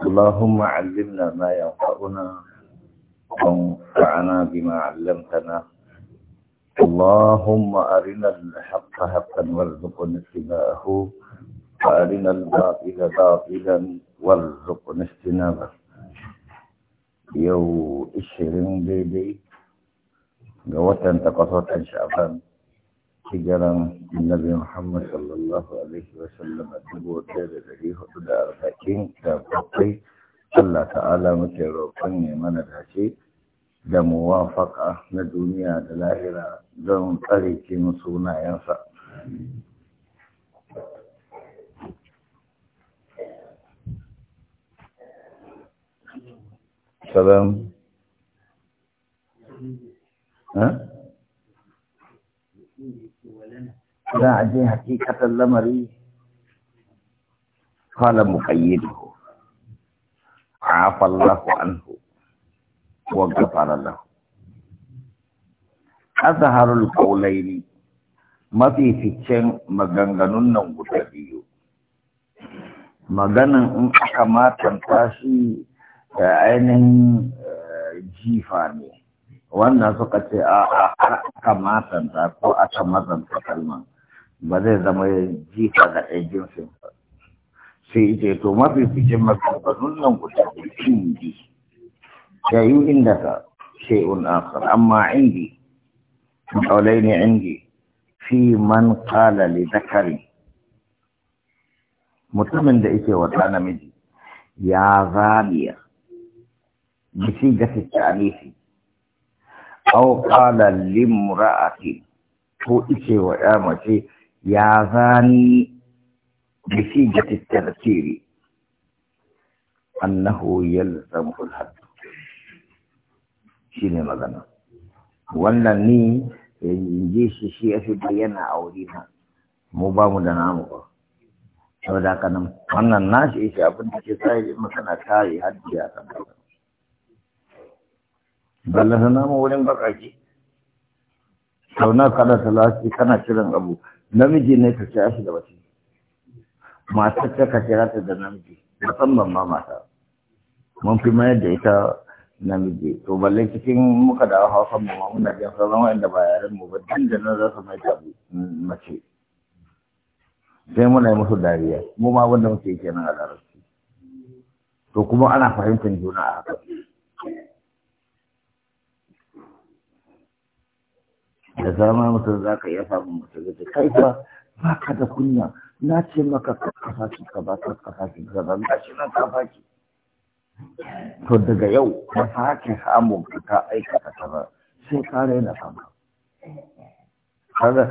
اللهم علمنا ما ينفعنا وانفعنا بما علمتنا اللهم أرنا الحق حقا وارزقنا اتباعه وأرنا الباطل باطلا وارزقنا اجتنابه يو إشرين بيبي قوة تقصد عن شعبان hijiran annabi Muhammad sallallahu alaihi wa sallam a dubu da dare hudu da arba'in da bakwai Allah ta'ala muke roƙon ya mana dace da muwafaka na duniya da lahira don tsarikin sunayensa. Salam. Huh? za a je hakikatan lamari kala a afa Allahu anhu wa ghafara a zaharar qawlaini mafi ficcen maganganun nan guda biyu Maganin in aka matanta shi da ainihin eh, jifa ne wannan suka ce a aka matanta ko aka mazanta kalman ba zai zama jika ga ɗan jinsin sai ita to mafi fitin maganganun nan guda indi ya yi inda ka shay'un akhar amma indi qawlayn indi fi man qala li zakari mutumin da yake wata namiji ya zaliya bisi ga tsanisi aw qala limra'ati ko ice wa ya mace ya zani nufija tattara annahu yal zamfin hatu shi ne magana wannan ni in ji shi shi ya fi bayyana a wuri na mu ba mu da namu ba sau da haka wannan na shi shi abin da ke sai yi makana kare hajji a kan kasa ballasa namu wurin bakaki sau na kada salati kana kiran abu namiji ne ka kira shi da wasu, matar ta ka kira ta da namiji musamman ma mata mun fi mayar da ita namiji to balle cikin muka da hausa mu muna jin sauran wanda ba yaren mu ba din da nan za su mai ta mace sai muna yi musu dariya mu ma wanda muke kenan a larabci to kuma ana fahimtar juna a haka da zama mutum za ka iya samun mutum da kai fa ba ka da kunya na ce maka kafa ki ka ba ka kafa ki ka ba ga shi na kafa ki to daga yau ba sa ke samu ka aikata ta ba sai ka raina kanka kaga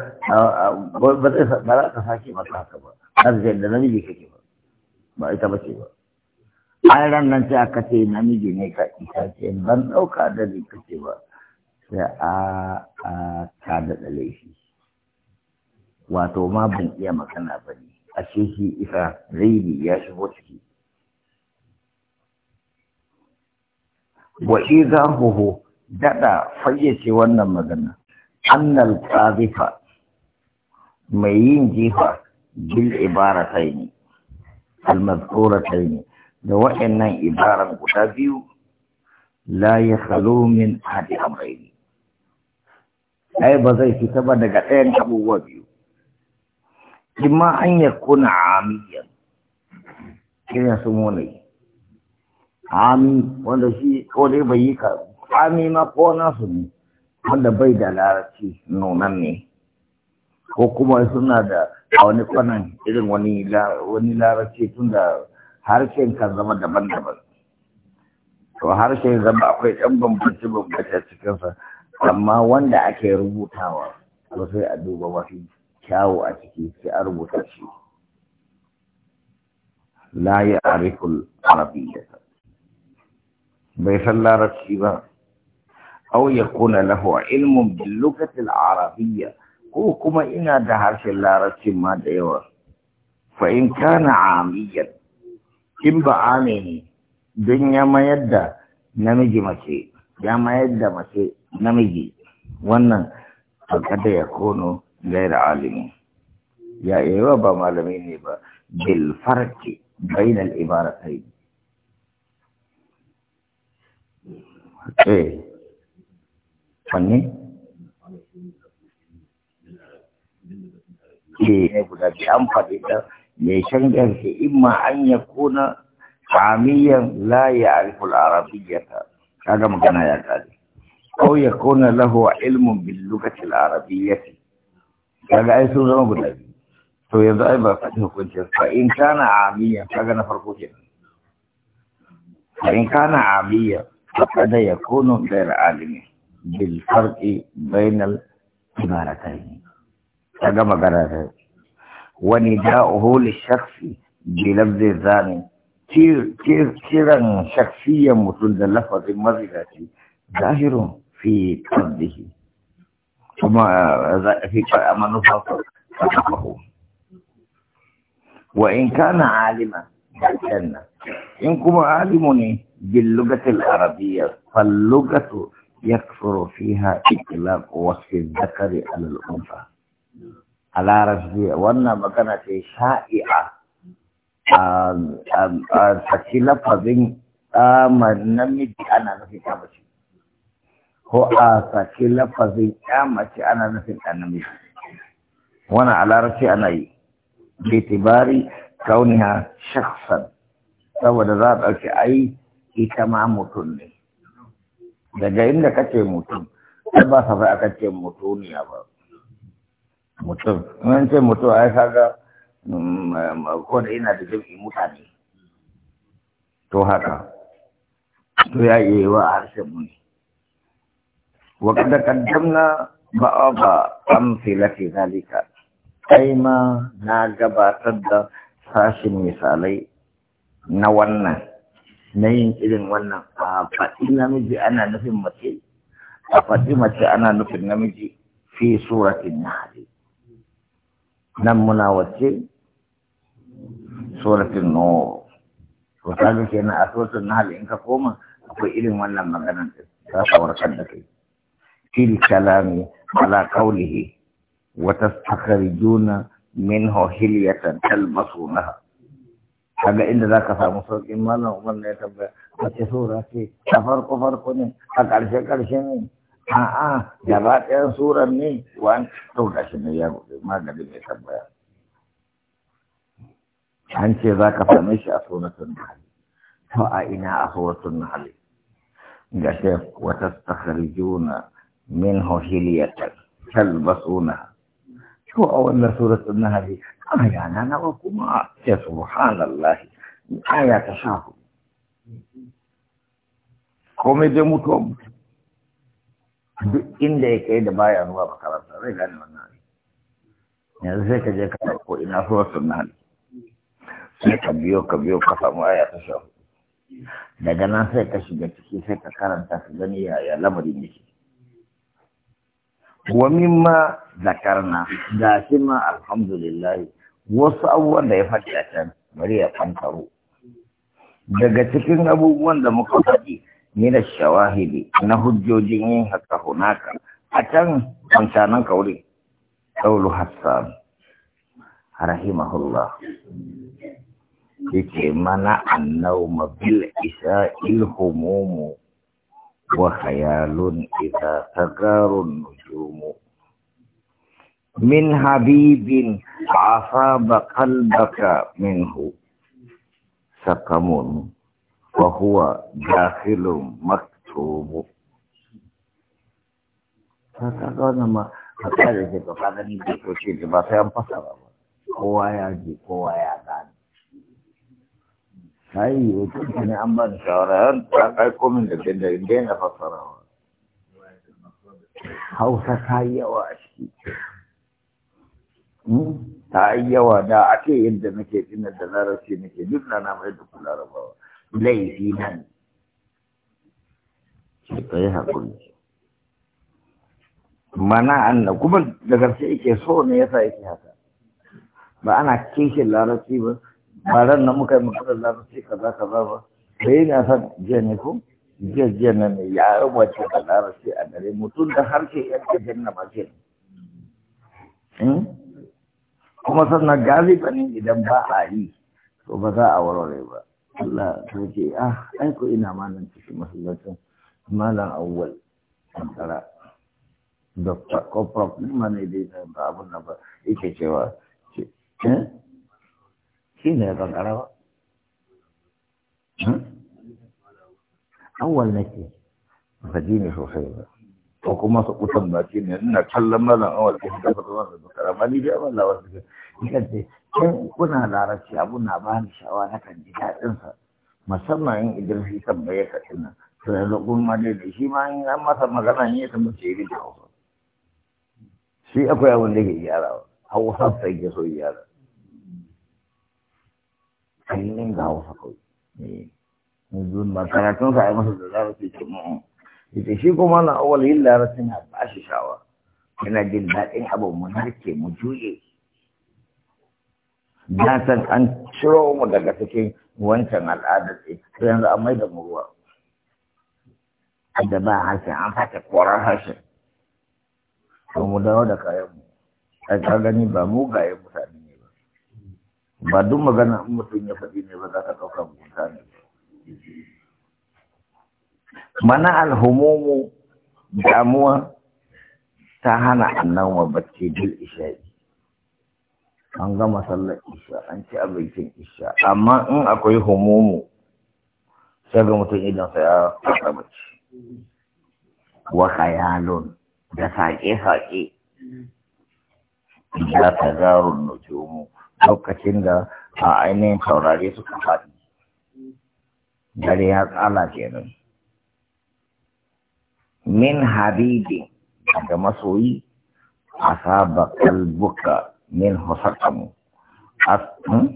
ba zai ba za ka sake maka haka ba har zai da namiji kake ba ba ita ba ce ba ai ran nan sai aka ce namiji ne ka ita ce ban ɗauka da ni kake ba sai a a ka daɗa laifi wato ma ban iya magana ba ne a shi isa laifi ya shigo ciki ku idahuhu daɗa fayyace wannan magana annal ƙazifa mai yin jifa bil ta yi ne da nan ibaran guda biyu la ya khalo min ahadi ai ba zai fita ba daga ɗayan abubuwa biyu imma an ya kuna amiyan kiran su mone ami wanda shi ko dai bai yi ka ami ma ko nasu ne wanda bai da larabci nonan ne ko kuma suna da a wani kwanan irin wani wani larabci tun da harshen ka zama daban-daban to harshen zama akwai ɗan bambance-bambance cikinsa amma wanda ake rubutawa to sai a duba mafi kyawu a ciki sai a rubuta shi la ya ariful arabiyya bai san larabci ba aw yakuna lahu ilmun bil lughati al arabiyya ko kuma ina da harshen larabcin ma da yawa fa in kana amiyan in ba ame ne don ya mayar da namiji mace ya mayar da mace namiji wannan kada ya kono gaira alimi ya yawa ba malami ne ba bil farki bainal ibaratai eh wanne ne guda bi an faɗi ta mai shan gaske imma an ya kuna hamiyan la ya ariful arabiyyata kaga magana ya kare أو يكون له علم باللغة العربية هذا أي سورة مبنى تو يضعي كنت فإن كان عاميا فقنا فرقوتين فإن كان عاميا فقد يكون غير عالم بالفرق بين الإمارتين هذا مقرر ونداؤه للشخص بلفظ الزاني كيرا شخصيا مثل لفظ مزلتي ظاهر في قلبه ثم في منفعه وإن كان عالما الجنة إن كما عالمني باللغة العربية فاللغة يكثر فيها إطلاق وصف الذكر على الأنثى على رجلي وأن مكانة شائعة أن أن أن أن أن أن أن أن أن ko a saki lafazin ya mace ana nufin ɗan namiji wani a larabci ana yi bitibari kauniya shaksan saboda za a ɗauki ai ita ma mutum ne daga inda kace mutum sai ba sa aka ce mutuniya ba mutum wani ce mutum ai kaga mm, mm, ko da ina da jirgin mutane to haka to ya iya yi wa harshen muni. Waƙar da kan tamna ba a ba an fila te na ma na gabatar da sashin misalai na wannan, na yin irin wannan. A faɗi mace ana nufin namiji, a faɗi mace ana nufin namiji fi suratin na hali. Nan mu no. Sosajen kenan a suratin na hali in koma, akwai irin wannan maganar da, za ka في الكلام على قوله وتستخرجون منه هلية تلبسونها هذا إلا ذاك فمصر إمانا ومن يتبع سورة كي تفرق فرق ني أكال شيء أكال شيء مين ها آه جبات يا سورة ني آه، آه. وان توقع شيء ما قد يتبع عن شيء ذاك فمش أسونة النحل فأين أسونة النحل قال شيخ وتستخرجون منه هلية تلبسونها شو أول سورة النهل آية أنا وكما يا سبحان الله آية تشافه komai dai mutuwa mutu duk inda ya kai da baya zuwa makaranta zai gane wannan ne yanzu sai ka je ka ɗauko ina suwa sunna ne sai ka biyo ka biyo ka samu aya ta sha daga nan sai ka shiga ciki sai ka karanta ka gani yaya lamarin yake wa mimma zakarna ga shi ma wasu abubuwan da ya faɗi a can bari ya fantaro daga cikin abubuwan da muka faɗi da shawahidi na hujjojin yin haka hunaka a can kwancanan kauri ɗaulu hassan rahimahullah yake mana annau mabil isa ilhumumu wahayalun ita tagarun nujumu min habibin asaba kalbaka minhu sakamun wa huwa jahilum maktubu kakak nama kakak ada sih kakak ini dikucit bahasa yang kai wakilci ne an bani shawara ta aiko min da ganda in daina fassarawa hausa ta yi yawa a ta hmm? yi yawa da ake yadda nake ina da larabci nake duk na na mai duk larabawa laifi nan ce ka yi mana annan kuma da gaske yake so ne yasa yake haka ba ana kishin larabci ba ba ran muka yi ka za kaza kaza ba da yi nasa jiya ne ko jiya jiya na ne ya wace da larabci a dare mutum da harshe yan kajin na mace hmm? kuma sannan ne idan ba a yi to ba za a warware ba Allah ta ce ah aiko ina ma nan cikin masallacin malam awwal kankara da ko problem ne dai ba abun nan ba yake cewa shi ne kankara ba hmm? awal nake ba ne sosai ba ko kuma su kusan baki ne ina kallon malam awal ko da ba zuwa da karama ni dai wasu ke ce kin kuna larabci abu na ba ni na kan ji dadin sa musamman in idan shi kan bai ka tuna to yanzu kun ma dai da shi ma in an masa magana ne ta mace yi da Hausa shi akwai abin da ke gyarawa Hausa sai ke so gyara kallon ga hausa kawai yanzu makaratun a masa da su ce mu'un ita shi kuma na awal yin lara na ba shi shawa yana jin daɗin abu mu narke mu juye na san an ciro mu daga cikin wancan al'adar ce yanzu an mai da mu ruwa da ba harshen an fata korar harshen to mu dawo da kayan mu ka gani ba mu ga mutane ba duk magana in mutum ya faɗi ne ba za ka ɗauka mugunta ne mana alhumumu damuwa ta hana annawa bacci bil isha'i an gama sallar isha an ci abincin isha amma in akwai humumu sai ga mutum idan sa ya fara bacci wa khayalun da saƙe-saƙe mm-hmm. ya tagarun nujumu lokacin da a ainihin taurari suka faɗi dare ya tsala kenan min habibi daga masoyi a saba kalbuka min a hmm?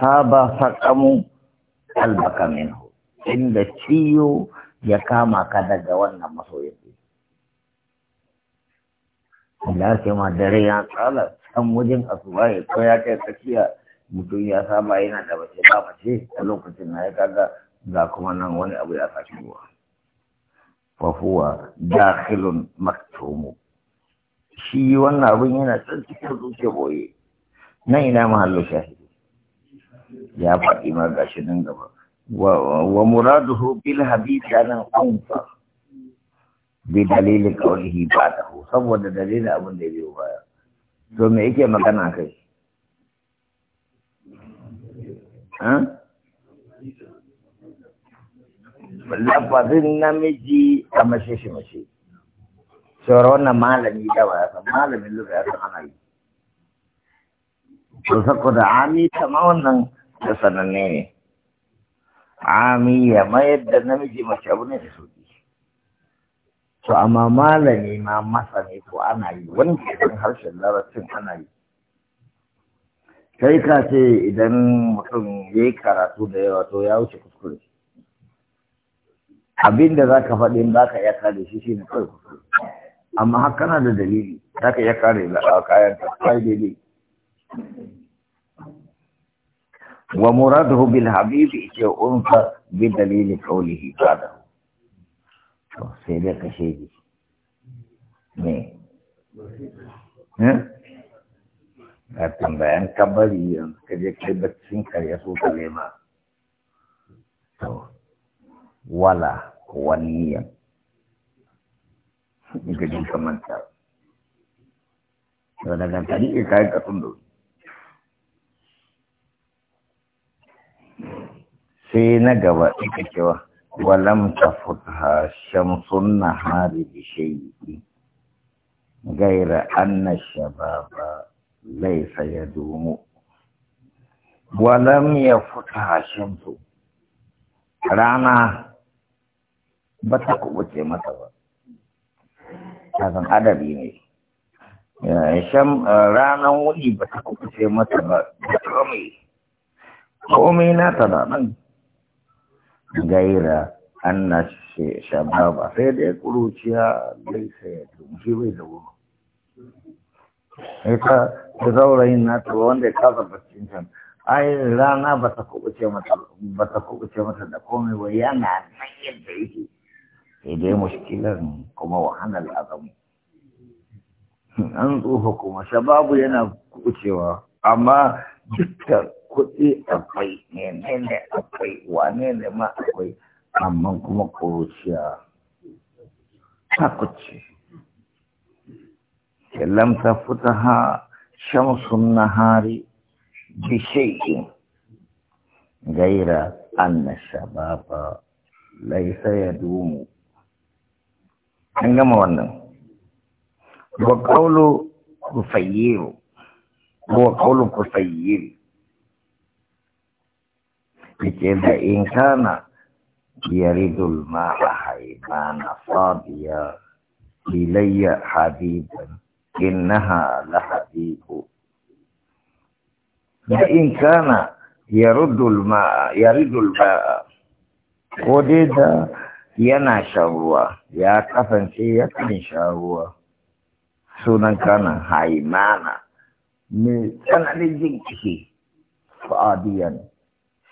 saba sakamu kalbaka minhu inda ciyo ya kama ka daga wannan masoyin Allah sai ma dare ya tsala can wajen ya ko ya kai tsakiya mutum ya saba yana da mace ba mace a lokacin na ya kaga ga kuma nan wani abu ya sake ruwa fahuwa dakhilun maktumu shi wannan abin yana can cikin zuciya boye Na ina mahallo shahidi ya faɗi ma gashi nan gaba wa muraduhu bil habita nan anfa. bi dalilin qawlihi ba'dahu saboda dalilin abin da ya biyo baya to me yake magana kai lafazin namiji a mace shi mace shawar wannan malami da ya san malamin luka ya san ana yi to sako da ami ta ma wannan da sananne ne ami ya mayar da namiji mace abu ne da su to amma malami ma masani ko ana yi wanda idan harshen larabcin ana yi kai ka ce idan mutum ya yi karatu da yawa to ya wuce kuskure abin da za ka faɗi ba ka iya kare shi shi ne kawai kuskure amma haka kana da dalili za ka iya kare da kayan ta kai daidai wa muradu bil habibi ce unfa bi dalili qawlihi ta'ala sai dai ka shaidi me eh? a tambayan kabari yanzu ka je kai baccin karya so ka nema to wala wani waliyan ga jin kamanta to daga tarihi kai ka tundo sai na gaba ita cewa walam tafutha shamsun nahari bishayyi gaira anna shababa laysa ya walam yafutha shamsu rana ba ta kubuce mata ba kazan adabi ne sham ranan wuni ba ta kubuce mata ba ta na ta gaira an na shababa sai dai kuruciya bai sai shi bai da wuru ita ta zaurayin nata wanda ya kasa bacin can ai rana ba ta kubuce mata da komai ba yana nan yadda yake sai dai mashikilar kuma wahalar azamu an tsufa kuma shababu yana kubucewa amma dukkan kuɗi akwai menene akwai wane ne ma akwai amma kuma kuruciya ta kuce lam ta fita ha shamsun nahari bishai'in gaira anna shababa laisa ya dumu an gama wannan wa qawlu kufayyiru wa qawlu kufayyiru بكده إن كان يريد الماء حيوانا صاديا إلي حبيبا إنها لحبيب وإن كان يرد الماء يريد الماء وده ينا شروع يا كفن شيء شاء شروع سنن كان حيوانا من سنة لجنكي فاديا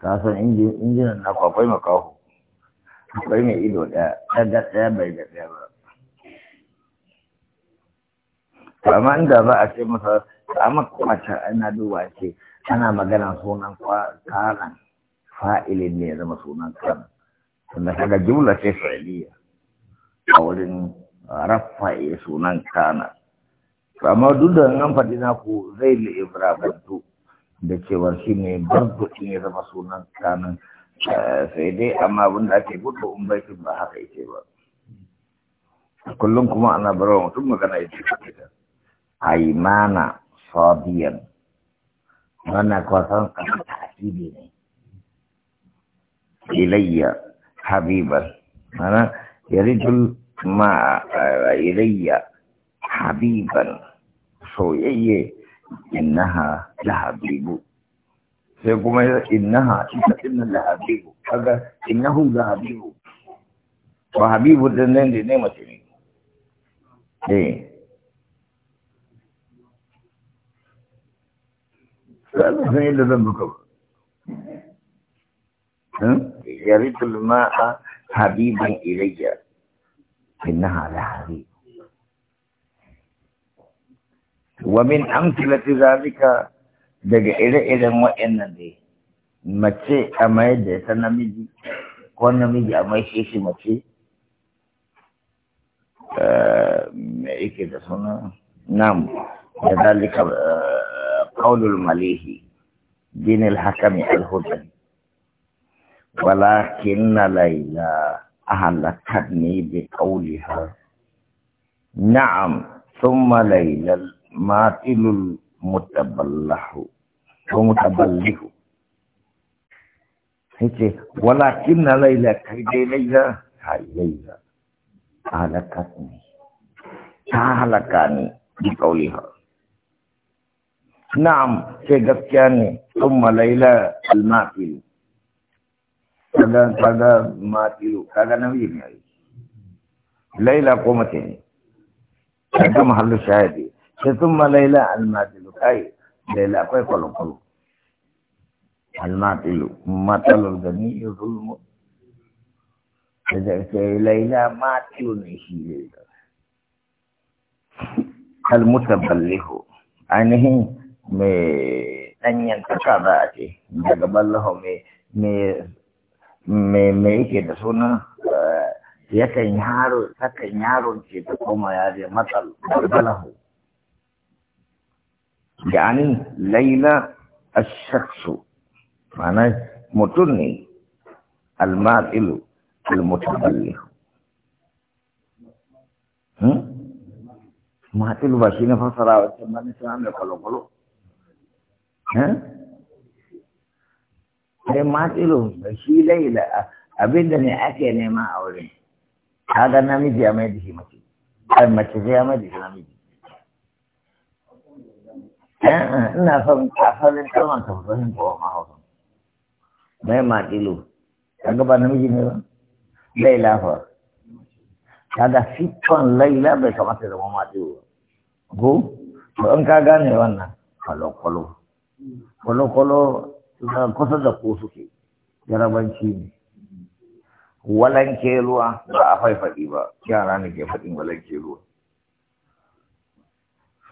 ka san injinan na akwai makaho akwai mai ido ɗaya ɗaya ɗaya bai da ɗaya ba amma inda za a ce masa amma kwata ana duba ce ana magana sunan karan fa'ilin ne ya zama sunan kan tunda kaga jumla ce fa'iliya a wurin rafa'i sunan kana amma duk da nan faɗi ku zai li ibrabantu da cewar shi ne barbuɗin ne zama sunan kanin sai dai amma abin da ake gudu in baitin ba haka yake ba kullum kuma ana barawa mutum magana ya ce ta aimana sabiyan wannan kwasan kasar ta'akidi ne ilayya habiban mana yarijul ma ilayya habiban soyayye انها لهابيب سيقوم انها إنها ان لهابيب هذا انه لهابيب وحبيب الدنين دي نعمة تنين دي سألنا سنين لذن بكم يريد الماء حبيبا إلي إنها لحبيب ومن أمثلة ذلك دغ إلى إلى ما إن دي مچي أماي دي تنمي دي كون نمي دي أماي شيشي مچي إيكي آه، إيه دي سونا نام ذلك آه، قول المليه دين الحكم الهدى ولكن ليلى أهلكتني بقولها نعم ثم ليلى ماتل المتبلح ومتبلح هيك ولكن ليلى كيدي ليلى هاي ليلى هلكتني هلكاني بقولها نعم سيدك كاني ثم ليلى الماتل هذا kada mati lu kada nabi ni lai la ko sai sun malaila almatilu kai laila akwai kwalokwalo almatilu matsalar gani ya zulmu da zarce laila matilu ne shi laila almutaballihu ainihin mai danyen taka za a ce daga me mai yake da suna eh, yakan yaro takan yaron ce ta koma yare matsal ballahu يعني ليلى الشخص معنى متني المائل المتبلغ ما تلو بسينا فصلا وتمني سلام يقولوا قولوا ها هي ما تلو بسي ليلى أبدني أكيني ما أولي هذا نامي دي أمي دي ما تي أمي دي أمي دي Eh, ina son asalin kalmar ta fahimta wa mahausan mai maɗilu kaga ba namiji ne ba laila fa kaga siffan laila bai kamata da maɗilu ba ko to in ka gane wannan kwalokwalo kwalokwalo kusa da ko suke jarabanci ne walanke ruwa ba a faifaɗi ba yara ne ke faɗin walanke ruwa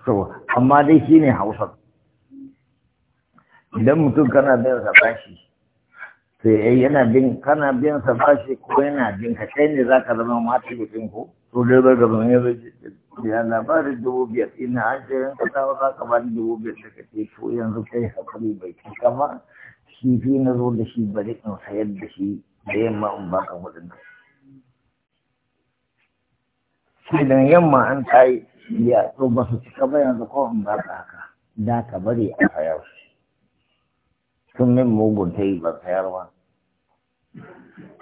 so amma dai shi ne hausa idan mutum kana bin sa bashi sai eh, yana bin kana bin sa bashi ko yana bin ka kai ne za ka zama mati mutum ko to dai ba ga ban yanzu ya labarin dubu biyar ina an ce yanka ta za ka ba dubu biyar da ce to yanzu kai hakuri bai ci kama shi fi na zo da shi bari in sayar da shi da yamma in baka mutum sai dan yamma an tayi ya to ba su cika ba yanzu ko in ba ka haka da ka bari a sayar sun min mugun ta yi ba sayar ba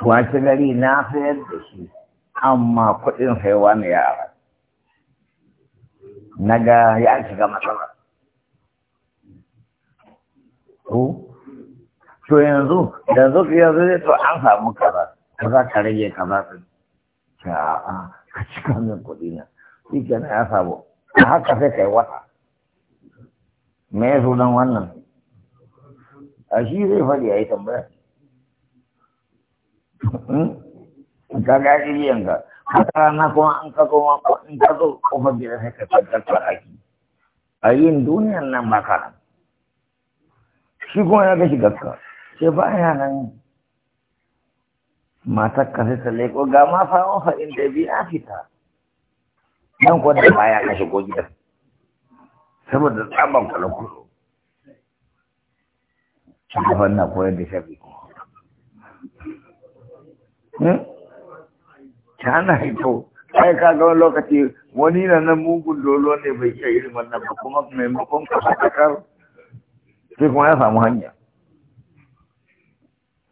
wace gari na sayar da shi amma kuɗin saiwa ne ya ara na ga ya shiga matsala ko to yanzu yanzu yanzu zai to an samu kaza kaza ka rage kaza ka a'a ka cika min kuɗi na shi kenan ya samu a haka sai kai wata me ya sunan wannan a shi zai faɗi a yi tambaya hmm? ka ga yanka haka rana kuma an ka koma in ka zo kofar gida sai ka tattar aiki a yin duniyan nan ba ka nan shi kuma ya gashi gaska sai ba ya nan matar ka sai ta leko ga ma fa'on fa'in da biya fita nan kuwa da baya ka shigo gidan saboda tsaban kwalakwalo shugaban na koyar da shafi ta hmm? na hito kai ka ga lokaci wani na nan mugun dolo ne bai iya irin wannan ba kuma maimakon ka fatakar sai kuma ya samu hanya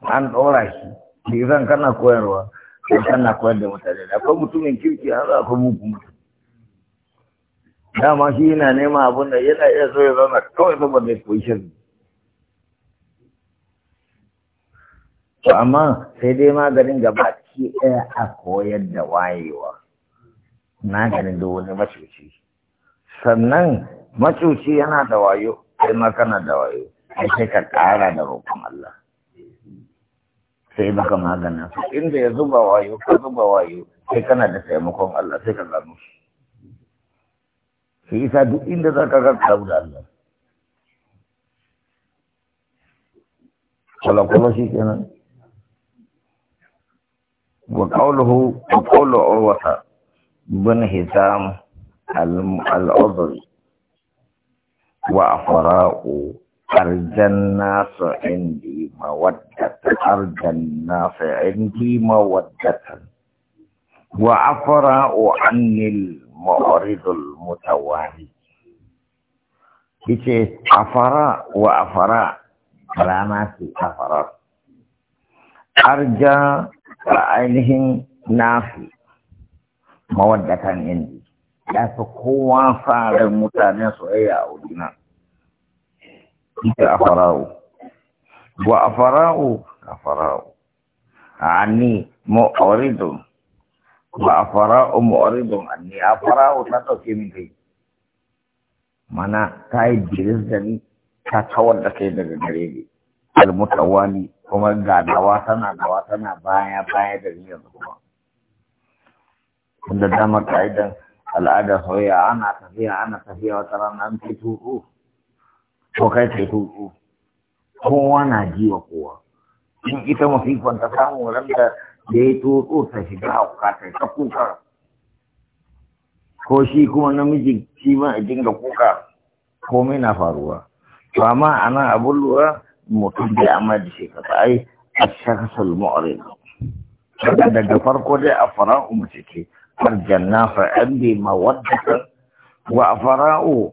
an ɗora shi ki zan kana koyarwa kana koyar da mutane akwai mutumin kirki har akwai mugun dama shi yana nema abin da yana iya so ya zama kawai saboda ya koyi shirin to amma sai dai maganin gaba ki ɗaya a koyar da wayewa maganin da wani macuci sannan macuci yana da wayo sai ma kana da wayo sai ka ƙara da roƙon Allah sai baka maganin inda ya zuba wayo ka zuba wayo sai kana da taimakon Allah sai ka gano shi সেইটা তিন হাজার টাকার খাবার আনলাম চলো কোনো শিখে وقوله وقول بن هتام العذر وعفراء ارجى الناس عندي موده ارجى الناس عندي موده وعفراء عني ma'aridul mutawari yace afara wa afara rana ce afara arja da ainihin nafi mawaddatan indi ya fi kowa fara mutane soyayya a wurina ita afara'u wa afara'u afara'u ni mu'aridul wa a fara umu oridon anni a fara ta ɗauke min kai mana ta yi jiris da ni ta da kai daga gare ni almutawani kuma ga dawa tana dawa tana baya baya da ni yanzu kuma da dama ka'idan al'ada soyayya ana tafiya ana tafiya wata rana an fi tutu Ko kai kai tutu kowa na ji wa kowa in ita mafi kwanta samu ran da da ya tutsu ta shiga hauka ta ta kuka ko shi kuma namiji shi ma a dinga kuka komai na faruwa to amma nan abin lura mutum da amma da shi ka ai a shakasul mu'rid daga daga farko dai a fara'u mace ce janna fa'an wadda mawaddatan wa fara'u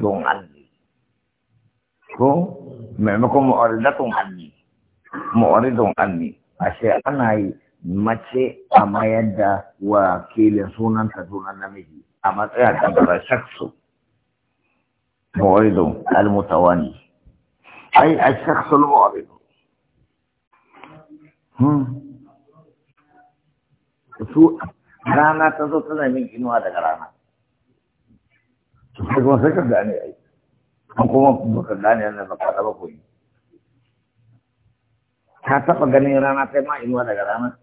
don alli ko maimakon mu'ridatun anni don alli. ashe ana yi mace a mayar da wakilin sunanta sunan namiji a matsayar kadara shaksu mu'ridun al-mutawani ai ash-shakhsu al-mu'rid hmm. su rana ta zo tana min inuwa daga rana sai kuma sai ka gane ai kuma ka gane yana da da ba koyi ta taɓa ganin rana sai ma inuwa daga rana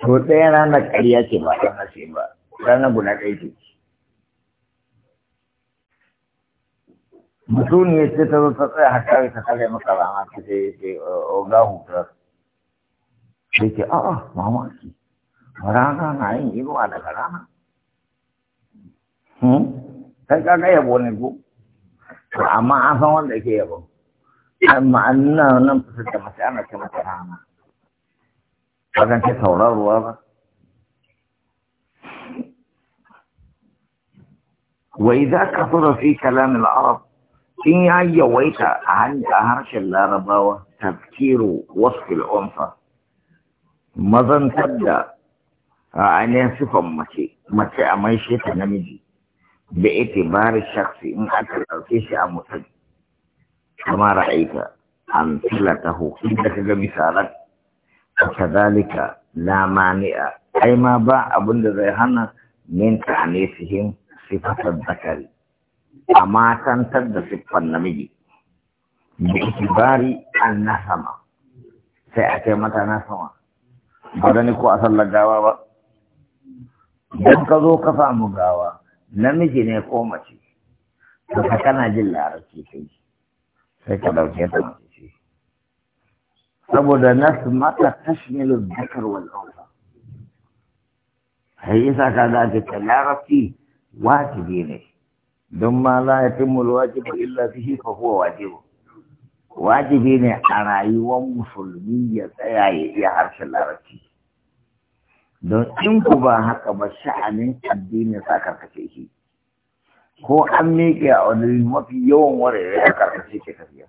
to ɗaya rana ƙarya ce ba rana ce ba rana guda ɗaya ce mutum ne ce ta zo ta tsaya haka ta kare masa rana ta ce ce oga hutar sai ce a'a mamaki rana na yin inuwa daga rana hmm? kai kaga yabo ne ko to amma an san wanda ke yabo amma annan لم تصدق da كما ana وإذا كثر في كلام العرب إن يويت عن هرش اللارباوة تذكير وصف الأنثى مظن تبدا عن صفة مشي مشي أميشي تنمجي باعتبار الشخص إن أكل أو أمتد kama ra'aita in ka kaga misalan kadhalika la mani'a ai ma ba abin da zai hana min ta'nisihim sifatar zakari amma tantar da siffan namiji da bari an nasama. sai a ce mata na sama ba da ni ko a sallar gawa ba Dan ka zo ka samu gawa namiji ne ko mace to ka kana jin larabci kai sai ka ɗauke ta saboda nasu mata tashmilu zakar wal unsa sai isa ka ga ta larabci wajibi ne don ma la fi al wajibi illa fihi shi fahuwa wajibi wajibi ne a rayuwar musulmi ya tsaya ya iya harshen larabci don in ku ba haka ba sha'anin addini sa karkace shi ko an miƙe a wani mafi yawan warare a karkashe ke tafiya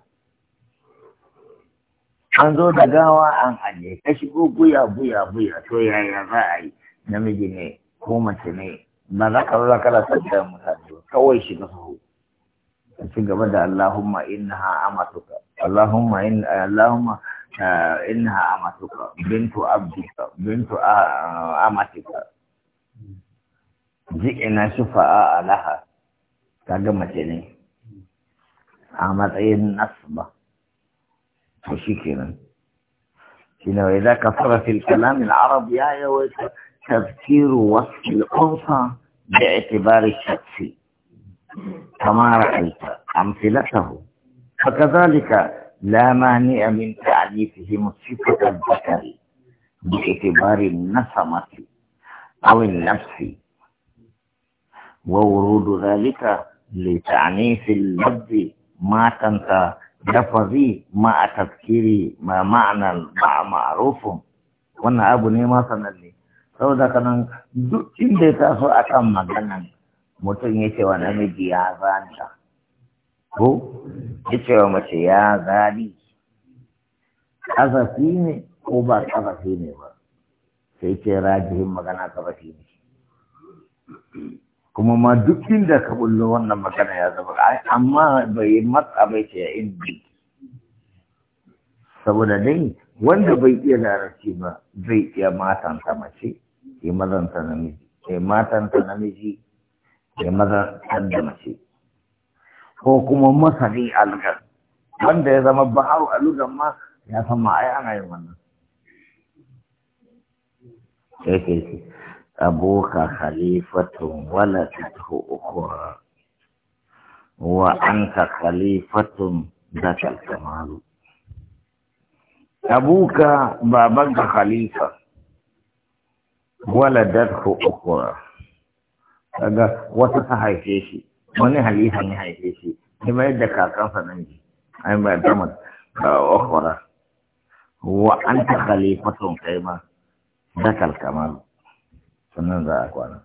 an zo da gawa an aje ka shigo buya buya buya to yaya za a yi namiji ne ko mace ne ba za ka zaka da sanda mutane ba kawai shiga sahu ka ci gaba da Allahumma ha amatuka Allahumma inna Allahumma eh, innaha amatuka bintu abdika bintu ah, amatika ji'ina shufa'a alaha kaga mace ne a matsayin nasba to shi kenan shi ne wai za ka fara fil kalamin arab ya yawaita tafkiru wasu unsa da itibari shaksi kama ra'aita amsilatahu fakazalika لا مانع من تعريفهم صفة الذكر باعتبار النسمة أو النفس وورود ذلك لتعنيف اللفظ ما تنسى لفظي مع تذكيري ما معنى مع معروف وانا ابو نيما da kanan duk inda ya taso a kan maganan mutum ya ce wa namiji ya zanta ko ya ce wa mace ya zani kasafi ne ko ba kasafi ne ba sai ce rajihin magana kasafi ne kuma ma duk inda ka bullo wannan magana ya zama ai amma bai matsa bai ce ya indi saboda dai wanda bai iya larabci ba zai iya ta mace ya ta namiji ya ta namiji ya ta da mace ko kuma masani algar wanda ya zama baharu a lugan ma ya san ma ai ana yin wannan sai sai أبوك خليفة ولدته أخرى وأنت خليفة ذات الكمال أبوك بابك خليفة ولدته أخرى kaga wata ta haife shi wani halifa ne haife shi ne mai da kakansa nan ji ai mai damar wakwara wa an ta halifa sun kai ma dakal kalkamalu sannan za a kwana